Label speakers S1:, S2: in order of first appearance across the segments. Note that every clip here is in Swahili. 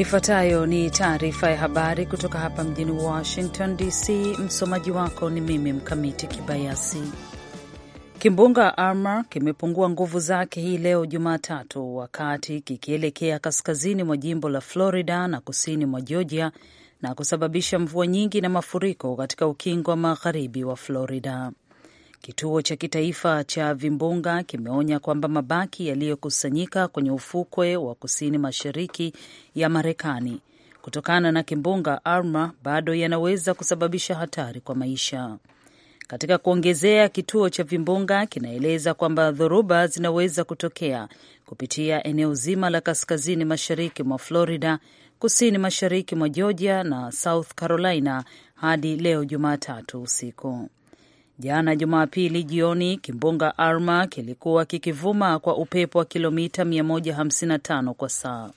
S1: Ifuatayo ni taarifa ya habari kutoka hapa mjini Washington DC. Msomaji wako ni mimi Mkamiti Kibayasi. Kimbunga Irma kimepungua nguvu zake hii leo Jumatatu, wakati kikielekea kaskazini mwa jimbo la Florida na kusini mwa Georgia na kusababisha mvua nyingi na mafuriko katika ukingo wa magharibi wa Florida. Kituo cha kitaifa cha vimbunga kimeonya kwamba mabaki yaliyokusanyika kwenye ufukwe wa kusini mashariki ya Marekani kutokana na kimbunga Irma bado yanaweza kusababisha hatari kwa maisha. Katika kuongezea, kituo cha vimbunga kinaeleza kwamba dhoruba zinaweza kutokea kupitia eneo zima la kaskazini mashariki mwa Florida, kusini mashariki mwa Georgia na South Carolina hadi leo Jumatatu usiku. Jana Jumapili jioni kimbunga Irma kilikuwa kikivuma kwa upepo wa kilomita 155 kwa saa.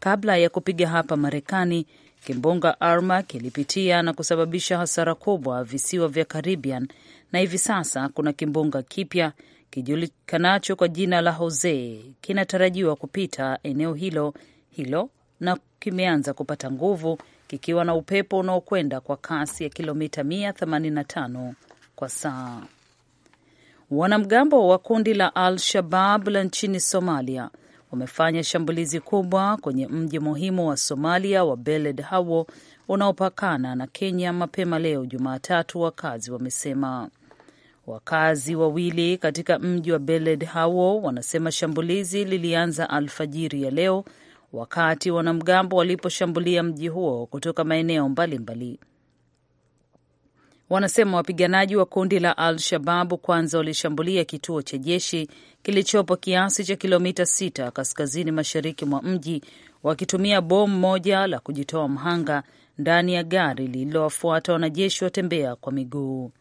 S1: Kabla ya kupiga hapa Marekani, kimbunga Irma kilipitia na kusababisha hasara kubwa visiwa vya Caribbean, na hivi sasa kuna kimbunga kipya kijulikanacho kwa jina la Jose kinatarajiwa kupita eneo hilo hilo na kimeanza kupata nguvu kikiwa na upepo unaokwenda kwa kasi ya kilomita kwa saa. Wanamgambo wa kundi la Al-Shabab la nchini Somalia wamefanya shambulizi kubwa kwenye mji muhimu wa Somalia wa Beled Hawo unaopakana na Kenya mapema leo Jumatatu, wakazi wamesema. Wakazi wawili katika mji wa Beled Hawo wanasema shambulizi lilianza alfajiri ya leo wakati wanamgambo waliposhambulia mji huo kutoka maeneo mbalimbali mbali wanasema wapiganaji wa kundi la Al-Shababu kwanza walishambulia kituo cha jeshi kilichopo kiasi cha kilomita sita kaskazini mashariki mwa mji wakitumia bomu moja la kujitoa mhanga ndani ya gari lililowafuata wanajeshi watembea kwa miguu.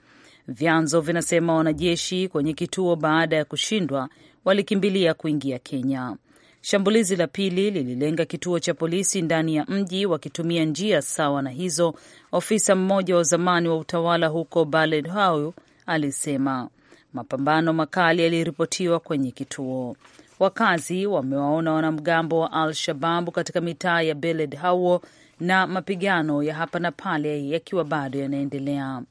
S1: Vyanzo vinasema wanajeshi kwenye kituo baada ya kushindwa walikimbilia kuingia Kenya. Shambulizi la pili lililenga kituo cha polisi ndani ya mji wakitumia njia sawa na hizo, ofisa mmoja wa zamani wa utawala huko Balehau alisema. Mapambano makali yaliripotiwa kwenye kituo. Wakazi wamewaona wanamgambo wa Al Shababu katika mitaa ya Beled Hawo na mapigano ya hapa na pale yakiwa bado yanaendelea.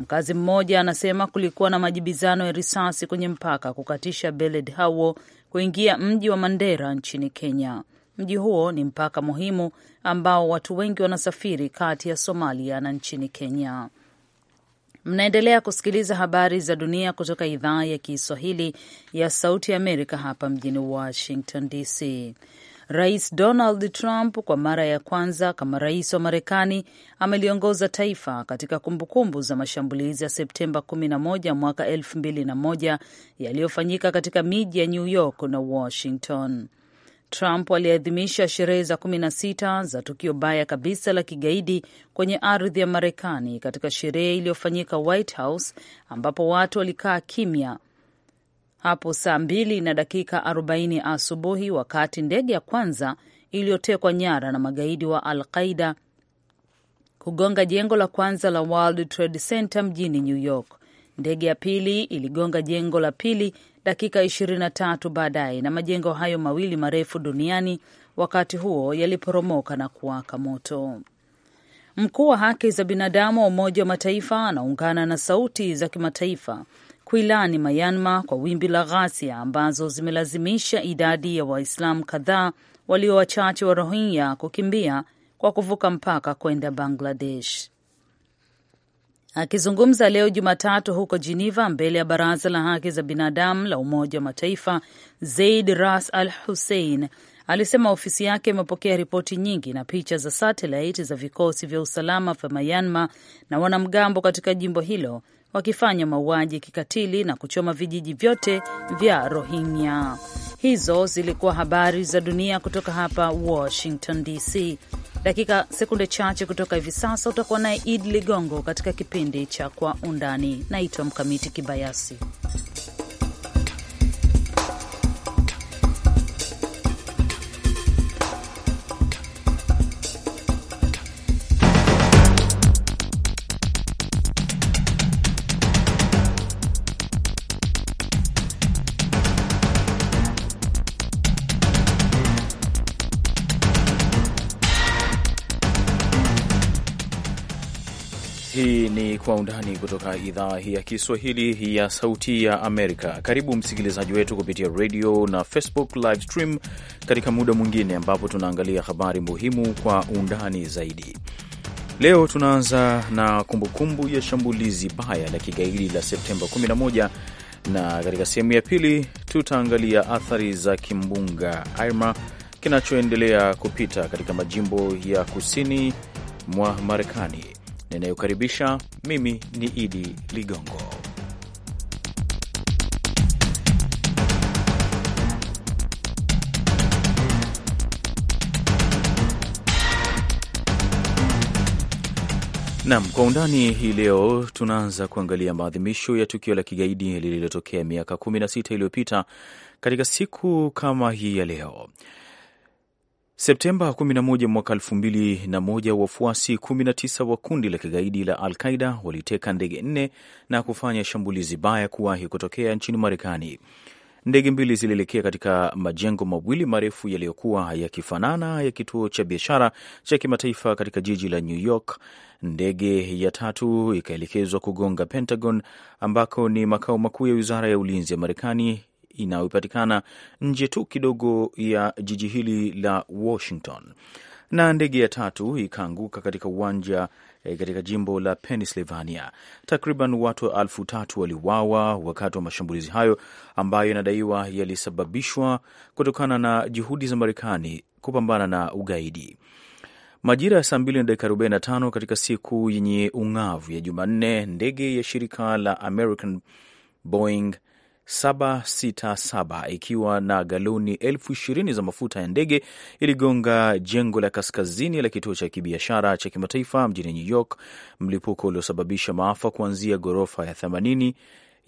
S1: Mkazi mmoja anasema kulikuwa na majibizano ya risasi kwenye mpaka kukatisha Beled Hawo kuingia mji wa Mandera nchini Kenya. Mji huo ni mpaka muhimu ambao watu wengi wanasafiri kati ya Somalia na nchini Kenya. Mnaendelea kusikiliza habari za dunia kutoka idhaa ya Kiswahili ya Sauti ya Amerika hapa mjini Washington DC. Rais Donald Trump kwa mara ya kwanza kama rais wa Marekani ameliongoza taifa katika kumbukumbu za mashambulizi ya Septemba 11 mwaka 2001 yaliyofanyika katika miji ya New York na Washington. Trump aliadhimisha sherehe za 16 za tukio baya kabisa la kigaidi kwenye ardhi ya Marekani katika sherehe iliyofanyika White House ambapo watu walikaa kimya hapo saa mbili na dakika 40 asubuhi wakati ndege ya kwanza iliyotekwa nyara na magaidi wa Al Qaida kugonga jengo la kwanza la World Trade Center mjini New York. Ndege ya pili iligonga jengo la pili dakika 23 baadaye, na majengo hayo mawili marefu duniani wakati huo yaliporomoka na kuwaka moto. Mkuu wa haki za binadamu wa Umoja wa Mataifa anaungana na sauti za kimataifa kuilani Myanmar kwa wimbi la ghasia ambazo zimelazimisha idadi ya Waislamu kadhaa walio wachache wa Rohingya kukimbia kwa kuvuka mpaka kwenda Bangladesh. Akizungumza leo Jumatatu huko Geneva mbele ya Baraza la Haki za Binadamu la Umoja wa Mataifa, Zaid Ras Al Hussein alisema ofisi yake imepokea ripoti nyingi na picha za satelaiti za vikosi vya usalama vya Myanmar na wanamgambo katika jimbo hilo wakifanya mauaji kikatili na kuchoma vijiji vyote vya Rohingya. Hizo zilikuwa habari za dunia kutoka hapa Washington DC. Dakika sekunde chache kutoka hivi sasa utakuwa naye Id Ligongo katika kipindi cha Kwa Undani. Naitwa Mkamiti Kibayasi.
S2: undani kutoka idhaa ya Kiswahili ya Sauti ya Amerika. Karibu msikilizaji wetu kupitia radio na Facebook live stream katika muda mwingine ambapo tunaangalia habari muhimu kwa undani zaidi. Leo tunaanza na kumbukumbu ya shambulizi baya la kigaidi la Septemba 11 na katika sehemu ya pili tutaangalia athari za kimbunga Irma kinachoendelea kupita katika majimbo ya kusini mwa Marekani ninayokaribisha mimi ni Idi Ligongo. Nam kwa undani hii leo, tunaanza kuangalia maadhimisho ya tukio la kigaidi lililotokea miaka 16 iliyopita katika siku kama hii ya leo. Septemba 11 mwaka 2001, wafuasi 19 wa kundi la kigaidi la Al Qaida waliteka ndege nne na kufanya shambulizi baya kuwahi kutokea nchini Marekani. Ndege mbili zilielekea katika majengo mawili marefu yaliyokuwa yakifanana ya kituo cha biashara cha kimataifa katika jiji la New York. Ndege ya tatu ikaelekezwa kugonga Pentagon, ambako ni makao makuu ya wizara ya ulinzi ya Marekani, inayopatikana nje tu kidogo ya jiji hili la Washington. Na ndege ya tatu ikaanguka katika uwanja e, katika jimbo la Pennsylvania. Takriban watu alfu tatu waliuawa wakati wa mashambulizi hayo ambayo inadaiwa yalisababishwa kutokana na juhudi za Marekani kupambana na ugaidi. Majira ya saa mbili na dakika 45 katika siku yenye ung'avu ya Jumanne, ndege ya shirika la American Boeing 767 ikiwa na galoni elfu ishirini za mafuta ya ndege iligonga jengo la kaskazini la kituo cha kibiashara cha kimataifa mjini New York, mlipuko uliosababisha maafa kuanzia ghorofa ya 80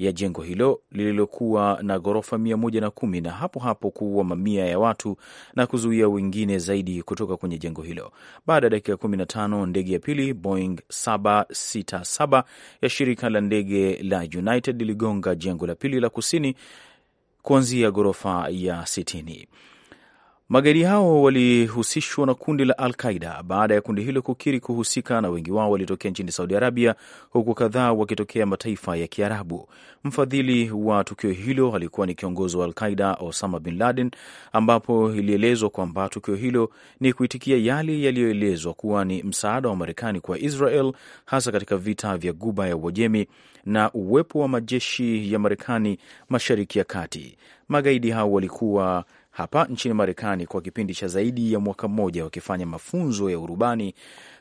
S2: ya jengo hilo lililokuwa na ghorofa mia moja na kumi na hapo hapo kuua mamia ya watu na kuzuia wengine zaidi kutoka kwenye jengo hilo. Baada ya dakika 15 ndege ya pili Boeing 767 ya shirika la ndege la United iligonga jengo la pili la kusini kuanzia ghorofa ya sitini. Magaidi hao walihusishwa na kundi la Al Qaida baada ya kundi hilo kukiri kuhusika, na wengi wao walitokea nchini Saudi Arabia, huku kadhaa wakitokea mataifa ya Kiarabu. Mfadhili wa tukio hilo alikuwa ni kiongozi wa Al Qaida Osama bin Laden, ambapo ilielezwa kwamba tukio hilo ni kuitikia yale yaliyoelezwa kuwa ni msaada wa Marekani kwa Israel, hasa katika vita vya Guba ya Uajemi na uwepo wa majeshi ya Marekani mashariki ya kati. Magaidi hao walikuwa hapa nchini Marekani kwa kipindi cha zaidi ya mwaka mmoja, wakifanya mafunzo ya urubani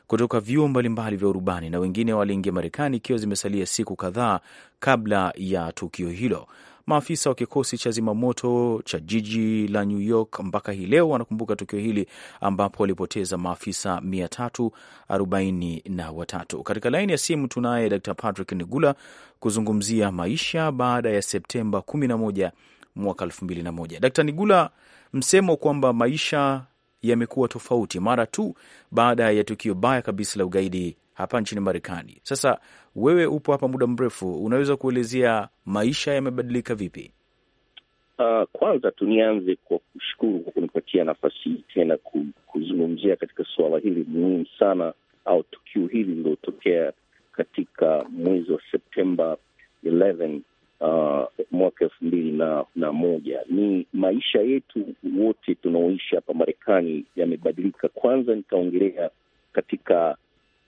S2: kutoka vyuo mbalimbali vya urubani, na wengine waliingia Marekani ikiwa zimesalia siku kadhaa kabla ya tukio hilo. Maafisa wa kikosi cha zimamoto cha jiji la New York mpaka hii leo wanakumbuka tukio hili ambapo walipoteza maafisa mia Katika laini ya simu tunaye Dr Patrick Nigula kuzungumzia maisha baada ya Septemba mwaka elfu mbili na moja. Dkt Nigula, msemo kwamba maisha yamekuwa tofauti mara tu baada ya tukio baya kabisa la ugaidi hapa nchini Marekani. Sasa wewe upo hapa muda mrefu, unaweza kuelezea maisha yamebadilika vipi?
S3: Uh, kwanza tunianze kwa kushukuru kwa kunipatia nafasi hii tena kuzungumzia katika suala hili muhimu sana, au tukio hili lililotokea katika mwezi wa Septemba uh, mwaka elfu mbili na, na moja. Ni maisha yetu wote tunaoishi hapa Marekani yamebadilika. Kwanza nitaongelea katika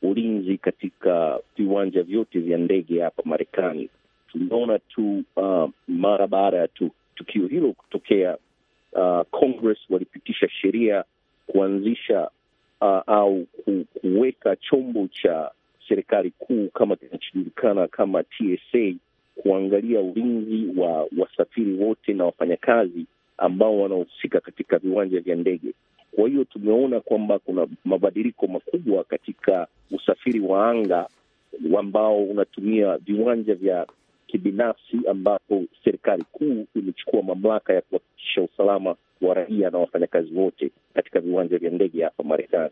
S3: ulinzi katika viwanja vyote vya ndege hapa Marekani. Tuliona tu uh, mara baada ya tu, tukio hilo kutokea uh, Congress walipitisha sheria kuanzisha uh, au kuweka chombo cha serikali kuu kama kinachojulikana kama TSA kuangalia ulinzi wa wasafiri wote na wafanyakazi ambao wanahusika katika viwanja vya ndege. Kwa hiyo tumeona kwamba kuna mabadiliko makubwa katika usafiri wa anga ambao unatumia viwanja vya kibinafsi, ambapo serikali kuu imechukua mamlaka ya kuhakikisha usalama wa raia na wafanyakazi wote katika viwanja vya ndege hapa Marekani.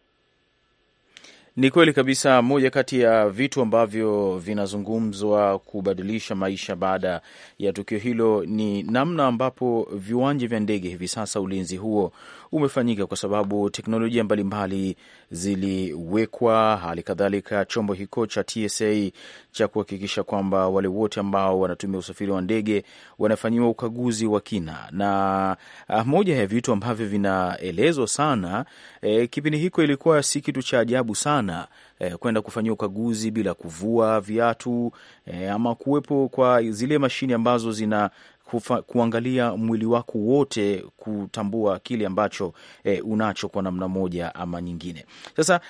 S2: Ni kweli kabisa. Moja kati ya vitu ambavyo vinazungumzwa kubadilisha maisha baada ya tukio hilo ni namna ambapo viwanja vya ndege hivi sasa ulinzi huo umefanyika kwa sababu teknolojia mbalimbali ziliwekwa. Hali kadhalika chombo hiko cha TSA cha kuhakikisha kwamba wale wote ambao wanatumia usafiri wa ndege wanafanyiwa ukaguzi wa kina, na ah, moja ya vitu ambavyo vinaelezwa sana e, kipindi hiko ilikuwa si kitu cha ajabu sana e, kwenda kufanyia ukaguzi bila kuvua viatu e, ama kuwepo kwa zile mashine ambazo zina kufa, kuangalia mwili wako wote kutambua kile ambacho e, unacho kwa namna moja ama nyingine. Sasa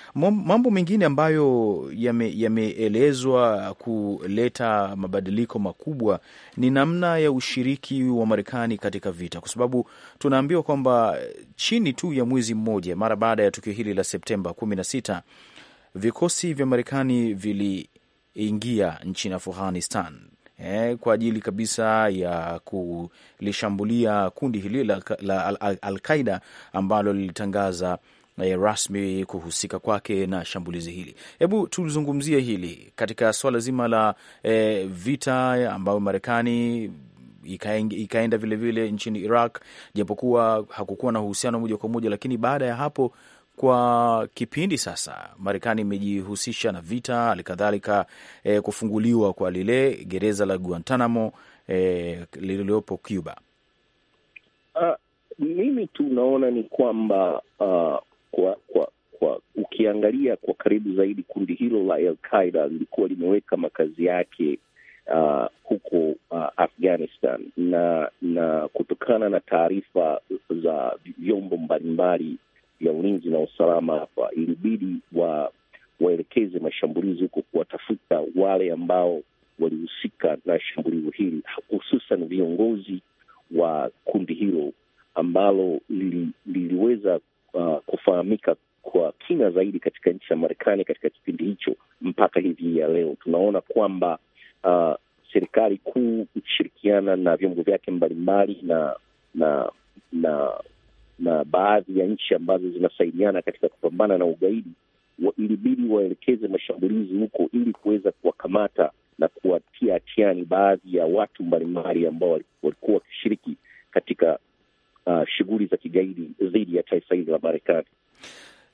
S2: mambo mengine ambayo yameelezwa yame kuleta mabadiliko makubwa ni namna ya ushiriki wa Marekani katika vita, kwa sababu tunaambiwa kwamba chini tu ya mwezi mmoja mara baada ya tukio hili la Septemba kumi na sita vikosi vya Marekani viliingia nchini Afghanistan eh, kwa ajili kabisa ya kulishambulia kundi hili la, la Al-Qaida al, al ambalo lilitangaza eh, rasmi kuhusika kwake na shambulizi hili. Hebu tulizungumzie hili katika swala zima la eh, vita ambayo Marekani ikaenda vilevile nchini Iraq, japokuwa hakukuwa na uhusiano moja kwa moja, lakini baada ya hapo kwa kipindi sasa Marekani imejihusisha na vita, halikadhalika e, eh, kufunguliwa kwa lile gereza la Guantanamo e, lililopo Cuba.
S3: Uh, mimi tu naona ni kwamba uh, kwa, kwa, kwa ukiangalia kwa karibu zaidi kundi hilo la Al Qaida lilikuwa limeweka makazi yake Uh, huko uh, Afghanistan na na kutokana na taarifa za vyombo mbalimbali ya ulinzi na usalama hapa, ilibidi wa waelekeze mashambulizi huko kuwatafuta wale ambao walihusika na shambulio hili, hususan viongozi wa kundi hilo ambalo li, liliweza uh, kufahamika kwa kina zaidi katika nchi ya Marekani katika kipindi hicho mpaka hivi ya leo. Tunaona kwamba uh, serikali kuu ikishirikiana na vyombo vyake mbalimbali na na na na baadhi ya nchi ambazo zinasaidiana katika kupambana na ugaidi wa, ilibidi waelekeze mashambulizi huko ili kuweza kuwakamata na kuwatia hatiani baadhi ya watu mbalimbali ambao walikuwa wakishiriki katika uh, shughuli za kigaidi dhidi ya taifa hili la Marekani.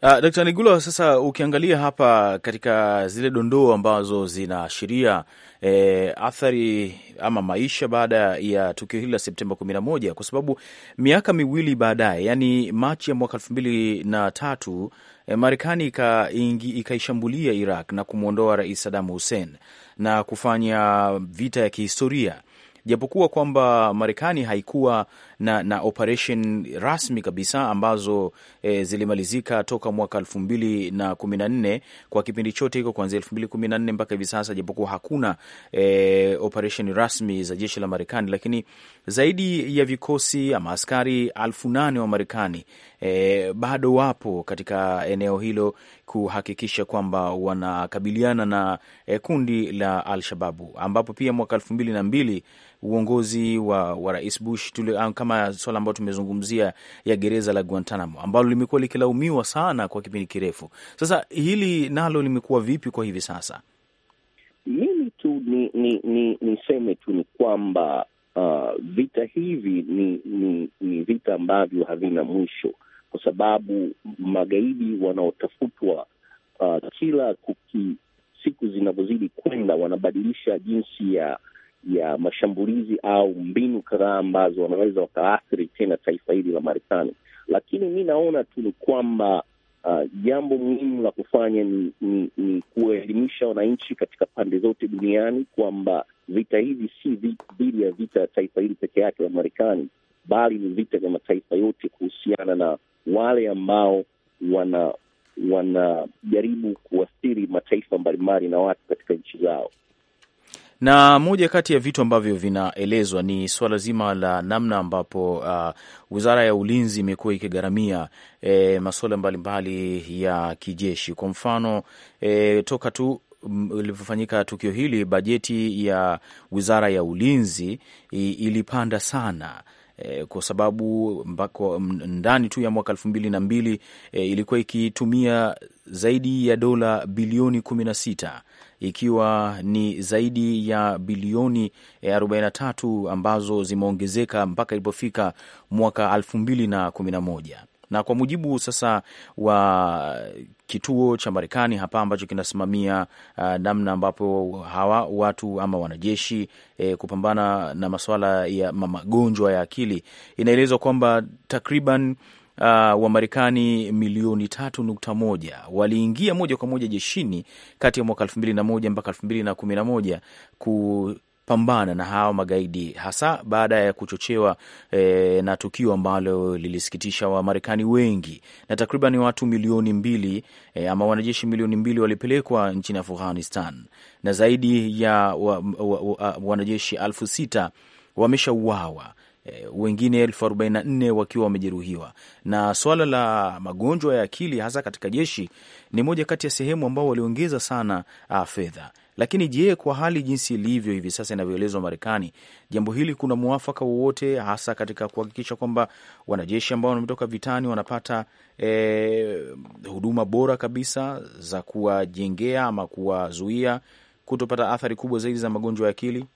S2: Uh, ah, Dkt. Nigula, sasa ukiangalia hapa katika zile dondoo ambazo zinaashiria e, athari ama maisha baada ya tukio hili la Septemba 11 kwa sababu miaka miwili baadaye, yani Machi ya mwaka elfu mbili na tatu e, Marekani ikaishambulia Iraq na kumwondoa Rais Saddam Hussein na kufanya vita ya kihistoria japokuwa kwamba Marekani haikuwa na, na operation rasmi kabisa ambazo e, zilimalizika toka mwaka elfu mbili na kumi na nne kwa kipindi chote hiko kuanzia elfu mbili kumi na nne mpaka hivi sasa, japokuwa hakuna e, operation rasmi za jeshi la Marekani, lakini zaidi ya vikosi ama askari alfu nane wa Marekani e, bado wapo katika eneo hilo kuhakikisha kwamba wanakabiliana na e, kundi la Alshababu ambapo pia mwaka elfu mbili na mbili uongozi wa, wa Rais Bush tuli, ah, kama swala ambayo tumezungumzia ya gereza la Guantanamo ambalo limekuwa likilaumiwa sana kwa kipindi kirefu sasa, hili nalo limekuwa vipi kwa hivi sasa?
S3: Mimi tu ni, ni, ni, niseme tu ni kwamba uh, vita hivi ni, ni, ni vita ambavyo havina mwisho kwa sababu magaidi wanaotafutwa uh, kila kuki, siku zinavyozidi kwenda wanabadilisha jinsi ya ya mashambulizi au mbinu kadhaa ambazo wanaweza wakaathiri tena taifa hili la Marekani, lakini mi naona tu ni kwamba uh, jambo muhimu la kufanya ni, ni, ni kuwaelimisha wananchi katika pande zote duniani kwamba vita hivi si dhidi ya vita ya taifa hili peke yake la Marekani, bali ni vita vya mataifa yote kuhusiana na wale ambao wana wanajaribu kuathiri mataifa mbalimbali na watu katika nchi zao
S2: na moja kati ya vitu ambavyo vinaelezwa ni swala zima la namna ambapo uh, wizara ya ulinzi imekuwa ikigharamia e, masuala mbalimbali ya kijeshi. Kwa mfano e, toka tu ilivyofanyika tukio hili, bajeti ya wizara ya ulinzi ilipanda sana Eh, kwa sababu mpaka ndani tu ya mwaka elfu mbili na mbili e, ilikuwa ikitumia zaidi ya dola bilioni kumi na sita ikiwa ni zaidi ya bilioni 43 eh, ambazo zimeongezeka mpaka ilipofika mwaka elfu mbili na kumi na moja na kwa mujibu sasa wa kituo cha Marekani hapa ambacho kinasimamia uh, namna ambapo hawa watu ama wanajeshi eh, kupambana na masuala ya magonjwa ya akili, inaelezwa kwamba takriban uh, Wamarekani milioni tatu nukta moja waliingia moja kwa moja jeshini kati ya mwaka elfu mbili na moja mpaka elfu mbili na kumi na moja ku kupambana na hawa magaidi, hasa baada ya kuchochewa e, na tukio ambalo lilisikitisha Wamarekani wengi na takriban watu milioni mbili e, ama wanajeshi milioni mbili walipelekwa nchini Afghanistan na zaidi ya wa, wa, wa, wa, wanajeshi elfu sita wameshauawa Eh, wengine elfu arobaini na nne wakiwa wamejeruhiwa. Na swala la magonjwa ya akili hasa katika jeshi ni moja kati ya sehemu ambao waliongeza sana ah, fedha. Lakini je, kwa hali jinsi ilivyo hivi sasa inavyoelezwa Marekani, jambo hili kuna mwafaka wowote, hasa katika kuhakikisha kwamba wanajeshi ambao wametoka vitani wanapata e, huduma bora kabisa za kuwajengea ama kuwazuia kutopata athari kubwa zaidi za magonjwa ya akili?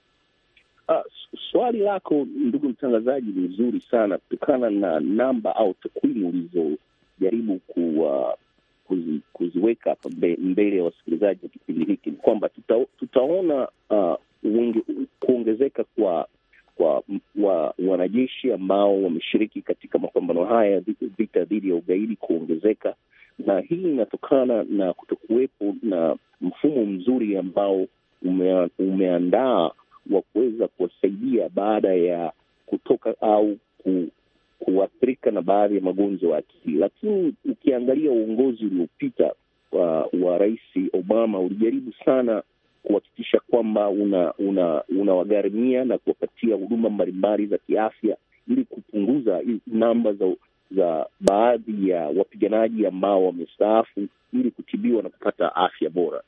S3: Uh, swali lako ndugu mtangazaji ni zuri sana, kutokana na namba au takwimu ulizojaribu kuwa kuzi, kuziweka hapa mbele ya wasikilizaji wa kipindi hiki ni kwamba tuta, tutaona uh, kuongezeka kwa kwa wa, wanajeshi ambao wameshiriki katika mapambano haya, vita dhidi ya ugaidi kuongezeka, na hii inatokana na kutokuwepo na mfumo mzuri ambao ume, umeandaa wa kuweza kuwasaidia baada ya kutoka au ku, kuathirika na baadhi ya magonjwa ya akili. Lakini ukiangalia uongozi uliopita wa, uh, wa Rais Obama ulijaribu sana kuhakikisha kwamba unawagharimia una, una na kuwapatia huduma mbalimbali za kiafya ili kupunguza namba za za baadhi ya wapiganaji ambao wamestaafu ili kutibiwa na kupata afya bora.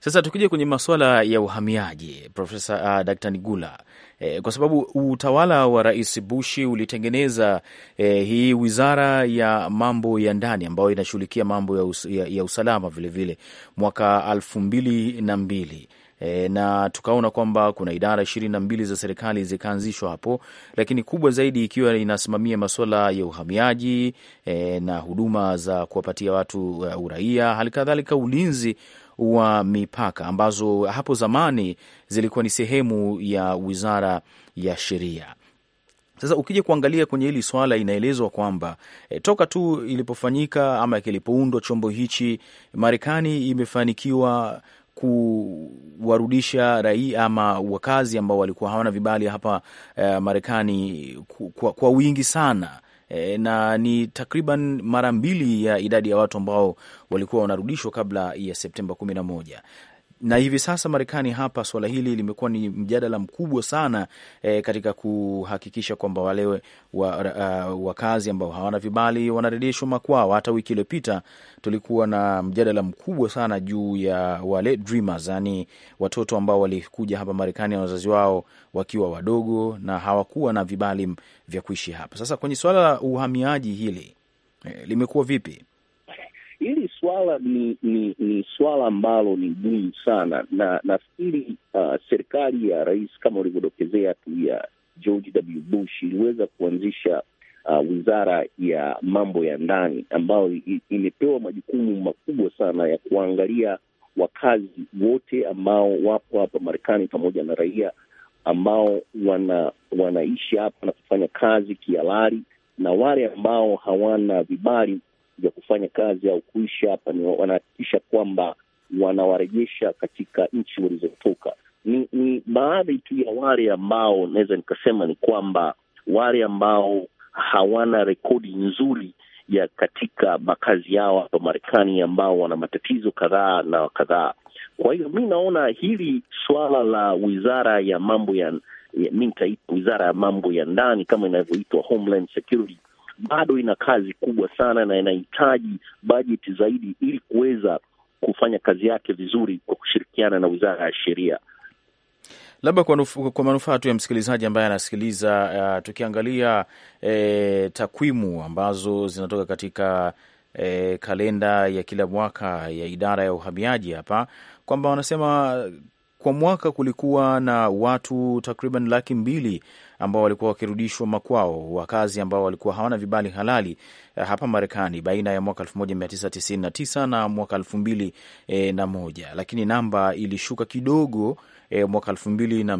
S2: Sasa tukija kwenye masuala ya uhamiaji, Profesa uh, Dr. Nigula eh, kwa sababu utawala wa Rais Bushi ulitengeneza eh, hii wizara ya mambo ya ndani ambayo inashughulikia mambo ya, us ya, ya usalama vilevile vile, mwaka elfu mbili na mbili E, na tukaona kwamba kuna idara ishirini na mbili za serikali zikaanzishwa hapo, lakini kubwa zaidi ikiwa inasimamia masuala ya uhamiaji e, na huduma za kuwapatia watu uh, uraia, halikadhalika ulinzi wa mipaka ambazo hapo zamani zilikuwa ni sehemu ya wizara ya sheria. Sasa ukija kuangalia kwenye hili swala, inaelezwa kwamba e, toka tu ilipofanyika ama kilipoundwa chombo hichi, Marekani imefanikiwa kuwarudisha raia ama wakazi ambao walikuwa hawana vibali hapa e, Marekani kwa, kwa wingi sana e, na ni takriban mara mbili ya idadi ya watu ambao walikuwa wanarudishwa kabla ya Septemba kumi na moja na hivi sasa Marekani hapa suala hili limekuwa ni mjadala mkubwa sana e, katika kuhakikisha kwamba wale wakazi wa, uh, ambao hawana vibali wanarejeshwa makwao. Hata wiki iliyopita tulikuwa na mjadala mkubwa sana juu ya wale dreamers, yani watoto ambao walikuja hapa Marekani na wazazi wao wakiwa wadogo na hawakuwa na vibali vya kuishi hapa. Sasa kwenye suala la uhamiaji hili e, limekuwa vipi?
S3: Hili swala ni ni, ni swala ambalo ni gumu sana, na nafikiri uh, serikali ya rais kama ulivyodokezea tu ya George W. Bush iliweza kuanzisha uh, wizara ya mambo ya ndani ambayo imepewa majukumu makubwa sana ya kuangalia wakazi wote ambao wapo hapa Marekani pamoja na raia ambao wana wanaishi hapa na kufanya kazi kihalali na wale ambao hawana vibali vya kufanya kazi au kuishi hapa, ni wanahakikisha kwamba wanawarejesha katika nchi walizotoka. Ni, ni baadhi tu ya wale ambao naweza nikasema ni kwamba wale ambao hawana rekodi nzuri ya katika makazi yao hapa Marekani, ambao wana matatizo kadhaa na kadhaa. Kwa hiyo mi naona hili suala la wizara ya mambo ya, ya mi nitaita wizara ya mambo ya ndani kama inavyoitwa Homeland Security bado ina kazi kubwa sana na inahitaji bajeti zaidi ili kuweza kufanya kazi yake vizuri kwa kushirikiana na Wizara ya Sheria.
S2: Labda kwa, kwa manufaa tu ya msikilizaji ambaye anasikiliza, uh, tukiangalia eh, takwimu ambazo zinatoka katika eh, kalenda ya kila mwaka ya idara ya uhamiaji hapa kwamba wanasema kwa mwaka kulikuwa na watu takriban laki mbili ambao walikuwa wakirudishwa makwao, wakazi ambao walikuwa hawana vibali halali eh, hapa Marekani baina ya mwaka 1999 na mwaka 2001, eh, lakini namba ilishuka kidogo eh, mwaka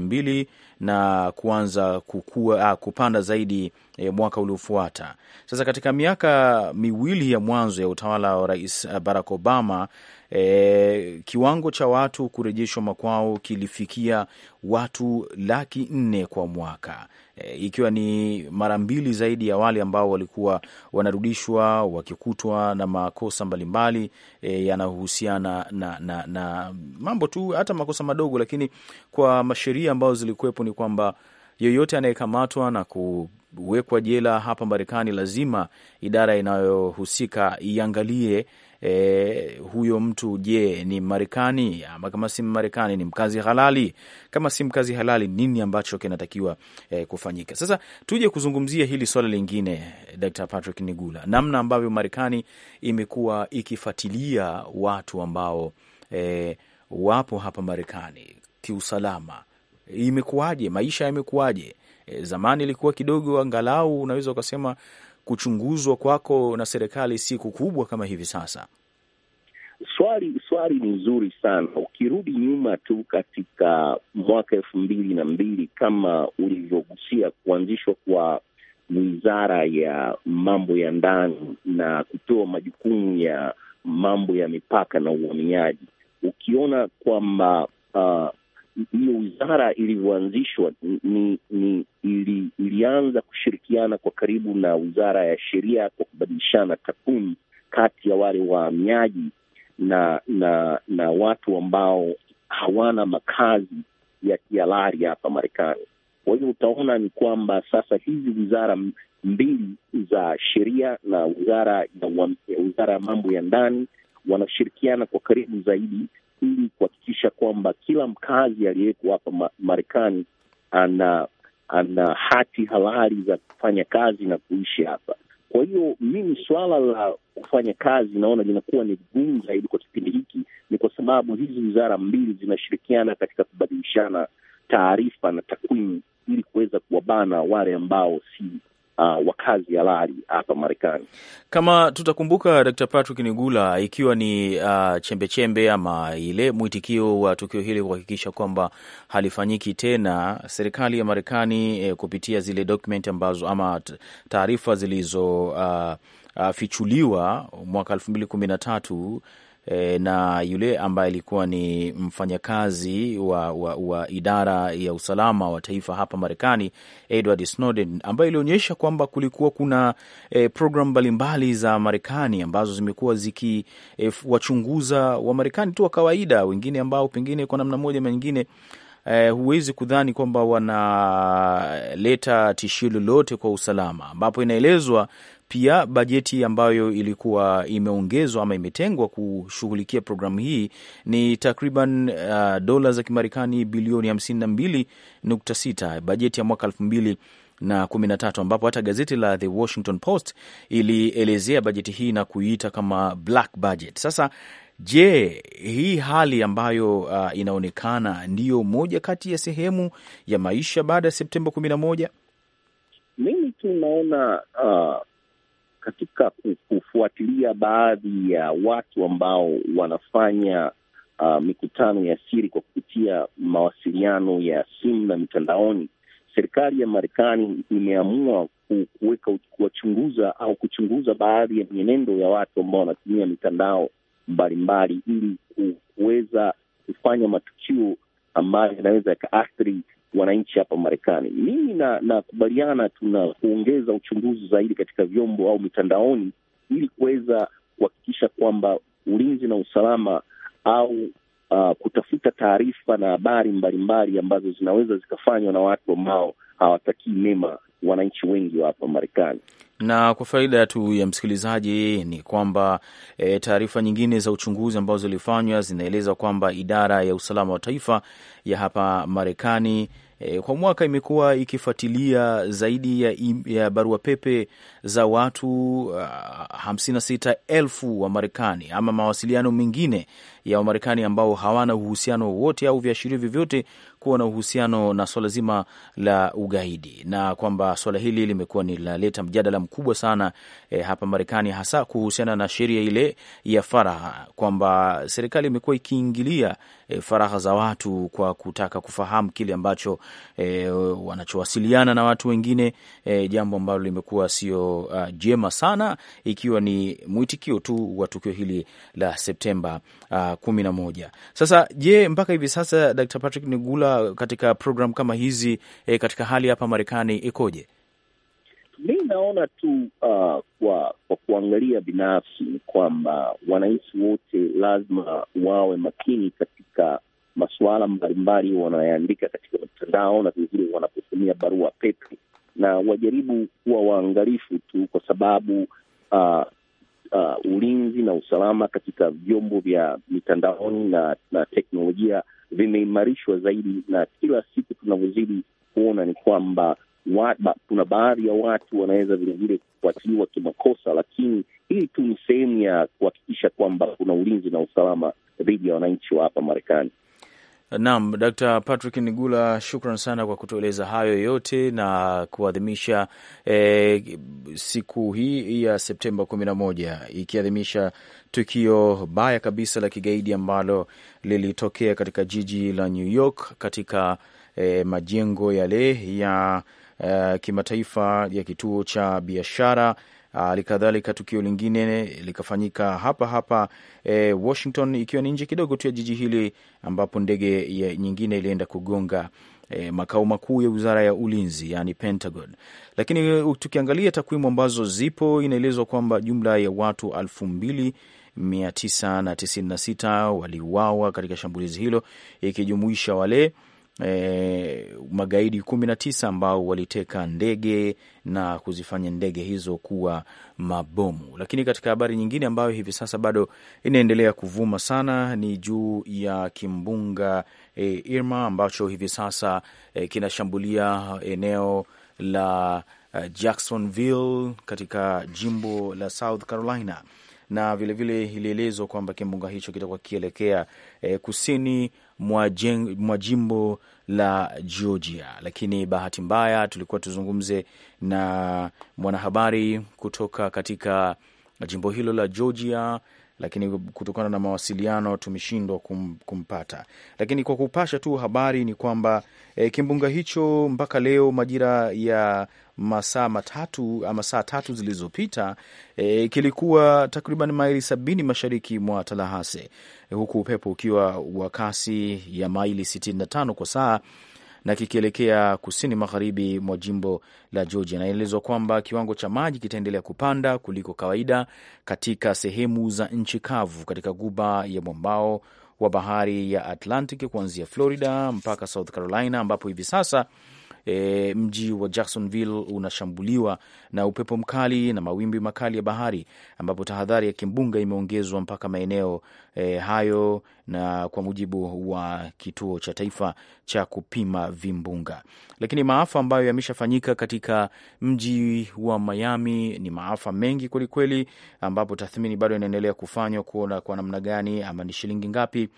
S2: mbili na kuanza kukua, ah, kupanda zaidi eh, mwaka uliofuata. Sasa katika miaka miwili ya mwanzo ya utawala wa Rais eh, Barack Obama e, kiwango cha watu kurejeshwa makwao kilifikia watu laki nne kwa mwaka eh, ikiwa ni mara mbili zaidi ya wale ambao walikuwa wanarudishwa wakikutwa na makosa mbalimbali e, yanayohusiana na, na, na, na mambo tu hata makosa madogo, lakini kwa masheria ambayo zilikuwepo ni kwamba yeyote anayekamatwa na kuwekwa jela hapa Marekani lazima idara inayohusika iangalie E, huyo mtu je, ni Marekani ama kama si Marekani ni mkazi halali? Kama si mkazi halali, nini ambacho kinatakiwa e, kufanyika? Sasa tuje kuzungumzia hili swala lingine, Dr. Patrick Nigula, namna ambavyo Marekani imekuwa ikifuatilia watu ambao e, wapo hapa Marekani kiusalama imekuwaje, maisha yamekuwaje. E, zamani ilikuwa kidogo angalau unaweza ukasema kuchunguzwa kwako na serikali si kukubwa kama hivi sasa.
S3: Swali swali ni nzuri sana. Ukirudi nyuma tu katika mwaka elfu mbili na mbili kama ulivyogusia kuanzishwa kwa wizara ya mambo ya ndani na kutoa majukumu ya mambo ya mipaka na uhamiaji, ukiona kwamba uh, hiyo wizara ilivyoanzishwa ni, ni ili, ilianza kushirikiana kwa karibu na wizara ya sheria kwa kubadilishana takwimu kati ya wale wahamiaji na na na watu ambao hawana makazi ya kialari hapa Marekani. Kwa hiyo utaona ni kwamba sasa hizi wizara mbili za sheria na wizara ya wizara ya mambo ya ndani wanashirikiana kwa karibu zaidi ili kuhakikisha kwamba kila mkazi aliyeko hapa Marekani ana ana hati halali za kufanya kazi na kuishi hapa. Kwa hiyo mimi suala la kufanya kazi naona linakuwa ni gumu zaidi kwa kipindi hiki, ni kwa sababu hizi wizara mbili zinashirikiana katika kubadilishana taarifa na takwimu ili kuweza kuwabana wale ambao si uh, wakazi halali hapa Marekani.
S2: Kama tutakumbuka, Dr. Patrick Nigula, ikiwa ni uh, chembe ama ile mwitikio wa tukio hili kuhakikisha kwamba halifanyiki tena, serikali ya Marekani eh, kupitia zile document ambazo ama taarifa zilizofichuliwa uh, uh, mwaka elfu mbili kumi na tatu e, na yule ambaye alikuwa ni mfanyakazi wa, wa, wa idara ya usalama wa taifa hapa Marekani, Edward Snowden, ambayo ilionyesha kwamba kulikuwa kuna e, eh, programu mbalimbali za Marekani ambazo zimekuwa zikiwachunguza eh, e, Wamarekani tu wa kawaida, wengine ambao pengine kwa namna moja ama nyingine Uh, huwezi kudhani kwamba wanaleta tishio lolote kwa usalama, ambapo inaelezwa pia bajeti ambayo ilikuwa imeongezwa ama imetengwa kushughulikia programu hii ni takriban uh, dola za Kimarekani bilioni 52.6, bajeti ya mwaka 2000 na 13 ambapo hata gazeti la The Washington Post ilielezea bajeti hii na kuiita kama black budget. Sasa je, hii hali ambayo uh, inaonekana ndiyo moja kati ya sehemu ya maisha baada ya Septemba 11?
S3: Mimi tu naona uh, katika kufuatilia baadhi ya watu ambao wanafanya uh, mikutano ya siri kwa kupitia mawasiliano ya simu na mitandaoni, serikali ya Marekani imeamua kuweka kuwachunguza au kuchunguza baadhi ya mienendo ya watu ambao wanatumia mitandao mbalimbali ili kuweza kufanya matukio ambayo yanaweza yakaathiri wananchi hapa Marekani. Mimi nakubaliana na tuna kuongeza uchunguzi zaidi katika vyombo au mitandaoni, ili kuweza kuhakikisha kwamba ulinzi na usalama au uh, kutafuta taarifa na habari mbalimbali ambazo zinaweza zikafanywa na watu ambao hawatakii mema wananchi wengi wa hapa Marekani
S2: na kwa faida tu ya msikilizaji ni kwamba e, taarifa nyingine za uchunguzi ambazo zilifanywa zinaeleza kwamba idara ya usalama wa taifa ya hapa Marekani e, kwa mwaka imekuwa ikifuatilia zaidi ya, ya barua pepe za watu uh, 56,000 wa Marekani ama mawasiliano mengine ya Wamarekani ambao hawana uhusiano wowote au viashirio vyovyote kuwa na uhusiano na swala zima la ugaidi, na kwamba swala hili limekuwa linaleta mjadala mkubwa sana e, hapa Marekani, hasa kuhusiana na sheria ile ya faraha kwamba serikali imekuwa ikiingilia e, faraha za watu kwa kutaka kufahamu kile ambacho e, wanachowasiliana na watu wengine e, jambo ambalo limekuwa sio uh, jema sana, ikiwa ni mwitikio tu wa tukio hili la Septemba uh, kumi na moja. Sasa je, mpaka hivi sasa Dr. Patrick Nigula katika katika programu kama hizi e, katika hali hapa Marekani ikoje?
S3: Mi naona tu uh, kwa kwa kuangalia binafsi ni kwamba wananchi wote lazima wawe makini katika masuala mbalimbali wanayoandika katika mtandao na vilevile wanapotumia barua pepe, na wajaribu kuwa waangalifu tu, kwa sababu uh, uh, ulinzi na usalama katika vyombo vya mitandaoni na, na teknolojia vimeimarishwa zaidi, na kila siku tunavyozidi kuona ni kwamba ba, kuna baadhi ya watu wanaweza vilevile kufuatiliwa kimakosa, lakini hii tu ni sehemu ya kuhakikisha kwamba kuna ulinzi na usalama dhidi ya wananchi wa hapa
S2: Marekani. Naam, Dr. Patrick Nigula, shukran sana kwa kutueleza hayo yote na kuadhimisha e, siku hii ya Septemba kumi na moja ikiadhimisha tukio baya kabisa la kigaidi ambalo lilitokea katika jiji la New York katika e, majengo yale ya e, kimataifa ya kituo cha biashara Ah, halikadhalika, tukio lingine likafanyika hapa hapa e, Washington, ikiwa ni nje kidogo tu ya jiji hili, ambapo ndege nyingine ilienda kugonga E, makao makuu ya wizara ya ulinzi yani Pentagon. Lakini eh, tukiangalia takwimu ambazo zipo, inaelezwa kwamba jumla ya watu elfu mbili waliuawa katika shambulizi hilo, ikijumuisha wale e, magaidi kumi na tisa ambao waliteka ndege na kuzifanya ndege hizo kuwa mabomu. Lakini katika habari nyingine ambayo hivi sasa bado inaendelea kuvuma sana ni juu ya kimbunga e, Irma ambacho hivi sasa e, kinashambulia eneo la e, Jacksonville katika jimbo la South Carolina na vilevile ilielezwa kwamba kimbunga hicho kitakuwa kielekea e, kusini mwa, jeng, mwa jimbo la Georgia. Lakini bahati mbaya tulikuwa tuzungumze na mwanahabari kutoka katika jimbo hilo la Georgia lakini kutokana na mawasiliano tumeshindwa kum, kumpata. Lakini kwa kupasha tu habari ni kwamba e, kimbunga hicho mpaka leo majira ya masaa matatu ama saa tatu zilizopita e, kilikuwa takriban maili sabini mashariki mwa Talahase, e, huku upepo ukiwa wa kasi ya maili sitini na tano kwa saa na kikielekea kusini magharibi mwa jimbo la Georgia. Inaelezwa kwamba kiwango cha maji kitaendelea kupanda kuliko kawaida katika sehemu za nchi kavu katika guba ya mwambao wa bahari ya Atlantic kuanzia Florida mpaka South Carolina ambapo hivi sasa e, mji wa Jacksonville unashambuliwa na upepo mkali na mawimbi makali ya bahari, ambapo tahadhari ya kimbunga imeongezwa mpaka maeneo e, hayo, na kwa mujibu wa kituo cha taifa cha kupima vimbunga. Lakini maafa ambayo yameshafanyika katika mji wa Miami ni maafa mengi kwelikweli, ambapo tathmini bado inaendelea kufanywa kuona kwa namna gani ama ni shilingi ngapi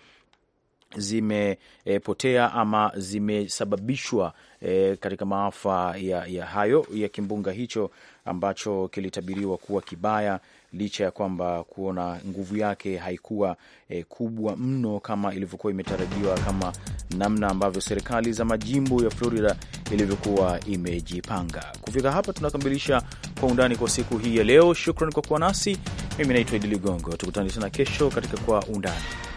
S2: zimepotea ama zimesababishwa e, katika maafa ya, ya hayo ya kimbunga hicho ambacho kilitabiriwa kuwa kibaya licha ya kwamba kuona nguvu yake haikuwa e, kubwa mno kama ilivyokuwa imetarajiwa, kama namna ambavyo serikali za majimbo ya Florida ilivyokuwa imejipanga. Kufika hapa, tunakamilisha Kwa Undani kwa siku hii ya leo. Shukran kwa kuwa nasi. Mimi naitwa Idi Ligongo, tukutane tena kesho katika Kwa Undani.